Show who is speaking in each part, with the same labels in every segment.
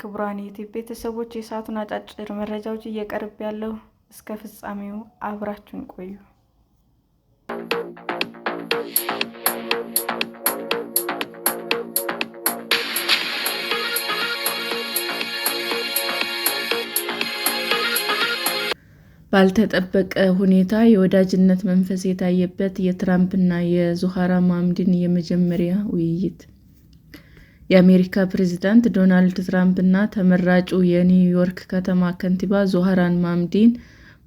Speaker 1: ክቡራን ዩቲዩብ ቤተሰቦች የሰዓቱን አጫጭር መረጃዎች እየቀርብ ያለው እስከ ፍጻሜው አብራችሁን ቆዩ። ባልተጠበቀ ሁኔታ የወዳጅነት መንፈስ የታየበት የትራምፕና የዙሃራ ማምዳኒ የመጀመሪያ ውይይት። የአሜሪካ ፕሬዝዳንት ዶናልድ ትራምፕ እና ተመራጩ የኒውዮርክ ከተማ ከንቲባ ዙሃራን ማምዳኒ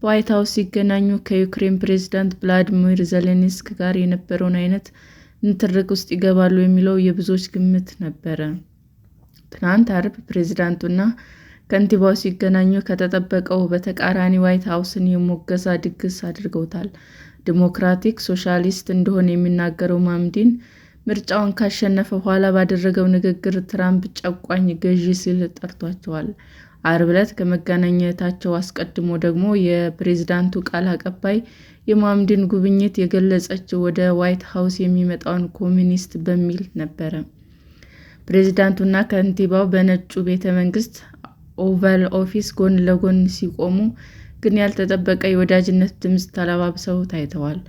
Speaker 1: በዋይት ሀውስ ሲገናኙ ከዩክሬን ፕሬዝዳንት ቮሎዲሚር ዘሌንስክ ጋር የነበረውን አይነት ንትርክ ውስጥ ይገባሉ የሚለው የብዙዎች ግምት ነበረ። ትናንት አርብ ፕሬዝዳንቱና ከንቲባው ሲገናኙ ከተጠበቀው በተቃራኒ ዋይት ሀውስን የሞገሳ ድግስ አድርገውታል። ዲሞክራቲክ ሶሻሊስት እንደሆነ የሚናገረው ማምዲን ምርጫውን ካሸነፈ በኋላ ባደረገው ንግግር ትራምፕ ጨቋኝ ገዢ ሲል ጠርቷቸዋል። አርብ ዕለት ከመገናኘታቸው አስቀድሞ ደግሞ የፕሬዝዳንቱ ቃል አቀባይ የማምዲን ጉብኝት የገለጸችው ወደ ዋይት ሀውስ የሚመጣውን ኮሚኒስት በሚል ነበረ። ፕሬዝዳንቱና ከንቲባው በነጩ ቤተ መንግስት ኦቫል ኦፊስ ጎን ለጎን ሲቆሙ ግን ያልተጠበቀ የወዳጅነት ድምፅ ተለባብሰው ታይተዋል።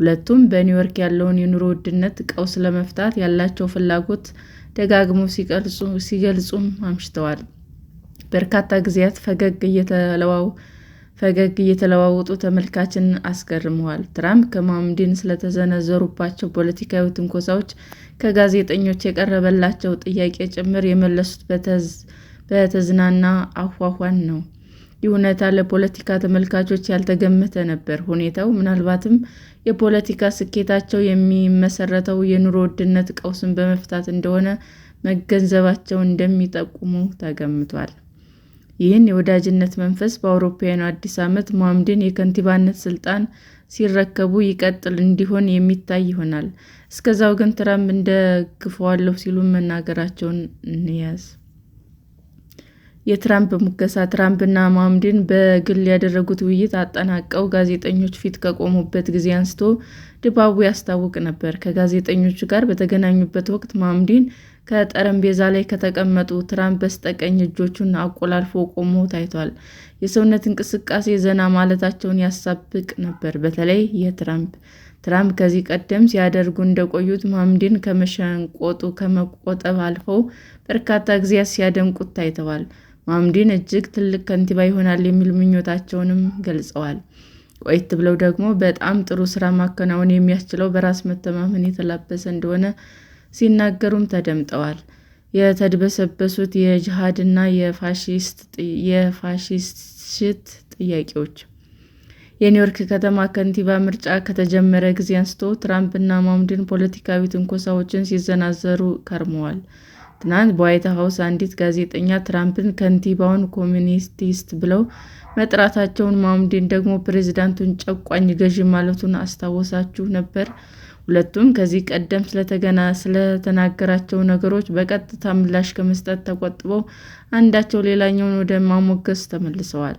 Speaker 1: ሁለቱም በኒውዮርክ ያለውን የኑሮ ውድነት ቀውስ ለመፍታት ያላቸው ፍላጎት ደጋግመው ሲገልጹም አምሽተዋል። በርካታ ጊዜያት ፈገግ እየተለዋወጡ ተመልካችን አስገርመዋል። ትራምፕ ከማምዲን ስለተዘነዘሩባቸው ፖለቲካዊ ትንኮሳዎች ከጋዜጠኞች የቀረበላቸው ጥያቄ ጭምር የመለሱት በተዝ በተዝናና አኳኋን ነው። ይህ ለፖለቲካ ተመልካቾች ያልተገመተ ነበር። ሁኔታው ምናልባትም የፖለቲካ ስኬታቸው የሚመሰረተው የኑሮ ውድነት ቀውስን በመፍታት እንደሆነ መገንዘባቸው እንደሚጠቁሙ ተገምቷል። ይህን የወዳጅነት መንፈስ በአውሮፓውያኑ አዲስ ዓመት ሙሐመድን የከንቲባነት ስልጣን ሲረከቡ ይቀጥል እንዲሆን የሚታይ ይሆናል። እስከዛው ግን ትራምፕ እንደግፈዋለሁ ሲሉ መናገራቸውን እንያዝ። የትራምፕ ሙገሳ ትራምፕና ማምዲን በግል ያደረጉት ውይይት አጠናቀው ጋዜጠኞች ፊት ከቆሙበት ጊዜ አንስቶ ድባቡ ያስታውቅ ነበር። ከጋዜጠኞቹ ጋር በተገናኙበት ወቅት ማምዲን ከጠረጴዛ ላይ ከተቀመጡ ትራምፕ በስተቀኝ እጆቹን አቆላልፎ ቆሞ ታይቷል። የሰውነት እንቅስቃሴ ዘና ማለታቸውን ያሳብቅ ነበር። በተለይ የትራምፕ ትራምፕ ከዚህ ቀደም ሲያደርጉ እንደቆዩት ማምዲን ከመሸንቆጡ ከመቆጠብ አልፈው በርካታ ጊዜያት ሲያደንቁት ታይተዋል። ማምዲን እጅግ ትልቅ ከንቲባ ይሆናል የሚል ምኞታቸውንም ገልጸዋል። ቆየት ብለው ደግሞ በጣም ጥሩ ስራ ማከናወን የሚያስችለው በራስ መተማመን የተላበሰ እንደሆነ ሲናገሩም ተደምጠዋል። የተድበሰበሱት የጂሃድ እና የፋሺስት ጥያቄዎች። የኒውዮርክ ከተማ ከንቲባ ምርጫ ከተጀመረ ጊዜ አንስቶ ትራምፕ እና ሙሐመዲን ፖለቲካዊ ትንኮሳዎችን ሲዘናዘሩ ከርመዋል። ትናንት በዋይት ሀውስ አንዲት ጋዜጠኛ ትራምፕን ከንቲባውን ኮሚኒስቲስት ብለው መጥራታቸውን ማሙዲን ደግሞ ፕሬዚዳንቱን ጨቋኝ ገዢ ማለቱን አስታወሳችሁ ነበር? ሁለቱም ከዚህ ቀደም ስለተናገራቸው ነገሮች በቀጥታ ምላሽ ከመስጠት ተቆጥበው አንዳቸው ሌላኛውን ወደ ማሞገስ ተመልሰዋል።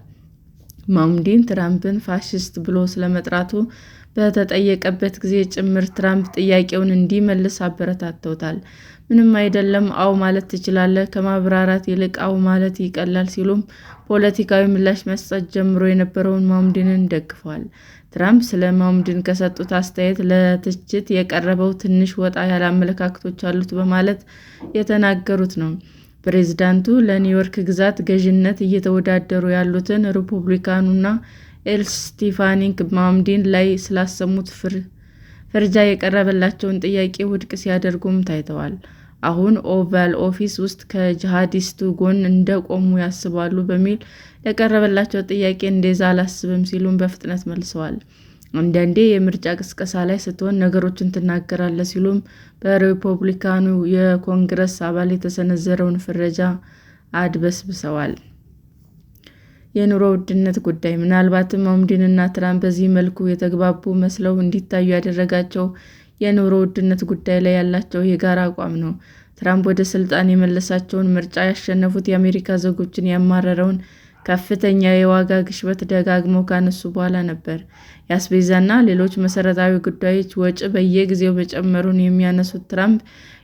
Speaker 1: ማምዲን ትራምፕን ፋሽስት ብሎ ስለመጥራቱ በተጠየቀበት ጊዜ ጭምር ትራምፕ ጥያቄውን እንዲመልስ አበረታተውታል። ምንም አይደለም፣ አዎ ማለት ትችላለህ፣ ከማብራራት ይልቅ አዎ ማለት ይቀላል ሲሉም ፖለቲካዊ ምላሽ መስጠት ጀምሮ የነበረውን ማምድንን ደግፏል። ትራምፕ ስለ ማምድን ከሰጡት አስተያየት ለትችት የቀረበው ትንሽ ወጣ ያለ አመለካከቶች አሉት በማለት የተናገሩት ነው። ፕሬዚዳንቱ ለኒውዮርክ ግዛት ገዥነት እየተወዳደሩ ያሉትን ሪፑብሊካኑና ኤልስቲፋኒክ ማምዲን ላይ ስላሰሙት ፍርጃ የቀረበላቸውን ጥያቄ ውድቅ ሲያደርጉም ታይተዋል። አሁን ኦቫል ኦፊስ ውስጥ ከጂሃዲስቱ ጎን እንደቆሙ ያስባሉ በሚል ለቀረበላቸው ጥያቄ እንደዛ አላስብም ሲሉም በፍጥነት መልሰዋል። አንዳንዴ የምርጫ ቅስቀሳ ላይ ስትሆን ነገሮችን ትናገራለህ ሲሉም በሪፐብሊካኑ የኮንግረስ አባል የተሰነዘረውን ፍረጃ አድበስብሰዋል። የኑሮ ውድነት ጉዳይ ምናልባትም አምዶንና ትራምፕ በዚህ መልኩ የተግባቡ መስለው እንዲታዩ ያደረጋቸው የኑሮ ውድነት ጉዳይ ላይ ያላቸው የጋራ አቋም ነው። ትራምፕ ወደ ስልጣን የመለሳቸውን ምርጫ ያሸነፉት የአሜሪካ ዜጎችን ያማረረውን ከፍተኛ የዋጋ ግሽበት ደጋግመው ካነሱ በኋላ ነበር። የአስቤዛና ሌሎች መሰረታዊ ጉዳዮች ወጪ በየጊዜው መጨመሩን የሚያነሱት ትራምፕ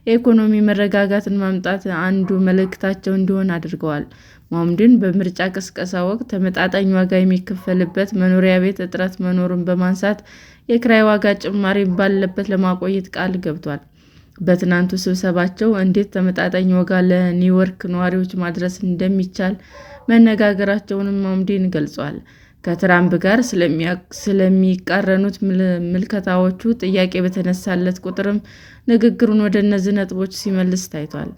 Speaker 1: የኢኮኖሚ መረጋጋትን ማምጣት አንዱ መልእክታቸው እንዲሆን አድርገዋል። ማምዱን በምርጫ ቅስቀሳ ወቅት ተመጣጣኝ ዋጋ የሚከፈልበት መኖሪያ ቤት እጥረት መኖሩን በማንሳት የክራይ ዋጋ ጭማሪ ባለበት ለማቆየት ቃል ገብቷል። በትናንቱ ስብሰባቸው እንዴት ተመጣጣኝ ዋጋ ለኒውዮርክ ነዋሪዎች ማድረስ እንደሚቻል መነጋገራቸውንም ማምዱን ገልጿል። ከትራምፕ ጋር ስለሚቃረኑት ምልከታዎቹ ጥያቄ በተነሳለት ቁጥርም ንግግሩን ወደ እነዚህ ነጥቦች ሲመልስ ታይቷል።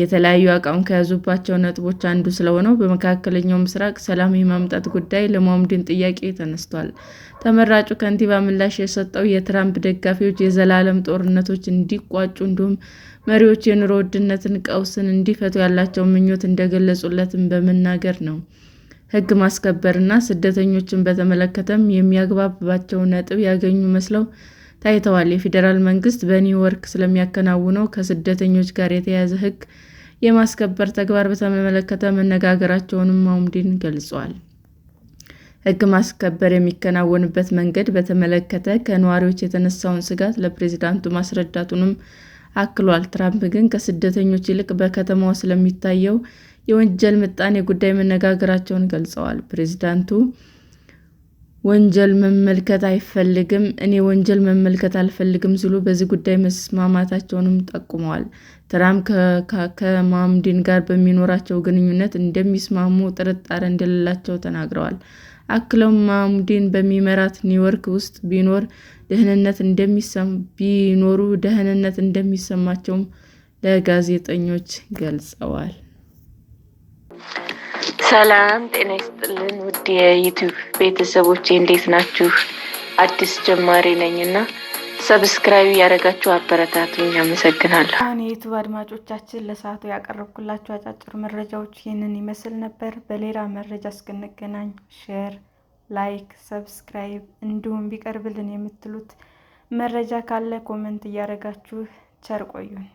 Speaker 1: የተለያዩ አቋም ከያዙባቸው ነጥቦች አንዱ ስለሆነው በመካከለኛው ምስራቅ ሰላም የማምጣት ጉዳይ ለማምድን ጥያቄ ተነስቷል። ተመራጩ ከንቲባ ምላሽ የሰጠው የትራምፕ ደጋፊዎች የዘላለም ጦርነቶች እንዲቋጩ እንዲሁም መሪዎች የኑሮ ውድነትን ቀውስን እንዲፈቱ ያላቸውን ምኞት እንደገለጹለትም በመናገር ነው። ሕግ ማስከበርና ስደተኞችን በተመለከተም የሚያግባባቸው ነጥብ ያገኙ መስለው ታይተዋል። የፌዴራል መንግስት በኒውዮርክ ስለሚያከናውነው ከስደተኞች ጋር የተያያዘ ሕግ የማስከበር ተግባር በተመለከተ መነጋገራቸውንም አውድን ገልጿል። ሕግ ማስከበር የሚከናወንበት መንገድ በተመለከተ ከነዋሪዎች የተነሳውን ስጋት ለፕሬዚዳንቱ ማስረዳቱንም አክሏል። ትራምፕ ግን ከስደተኞች ይልቅ በከተማዋ ስለሚታየው የወንጀል ምጣኔ ጉዳይ መነጋገራቸውን ገልጸዋል። ፕሬዚዳንቱ ወንጀል መመልከት አይፈልግም፣ እኔ ወንጀል መመልከት አልፈልግም ሲሉ በዚህ ጉዳይ መስማማታቸውንም ጠቁመዋል። ትራምፕ ከማምዲን ጋር በሚኖራቸው ግንኙነት እንደሚስማሙ ጥርጣሬ እንደሌላቸው ተናግረዋል። አክለው ማምዲን በሚመራት ኒውዮርክ ውስጥ ቢኖር ደህንነት ቢኖሩ ደህንነት እንደሚሰማቸውም ለጋዜጠኞች ገልጸዋል።
Speaker 2: ሰላም ጤና ይስጥልን ውድ የዩቲዩብ ቤተሰቦች እንዴት ናችሁ? አዲስ ጀማሪ ነኝ እና ሰብስክራይብ እያደረጋችሁ አበረታቱኝ። አመሰግናለሁ። አሁን የዩቱብ አድማጮቻችን ለሰዓቱ ያቀረብኩላችሁ አጫጭር መረጃዎች ይህንን ይመስል ነበር። በሌላ መረጃ እስክንገናኝ ሼር፣ ላይክ፣ ሰብስክራይብ እንዲሁም ቢቀርብልን የምትሉት መረጃ ካለ ኮመንት እያደረጋችሁ ቸር ቆዩን።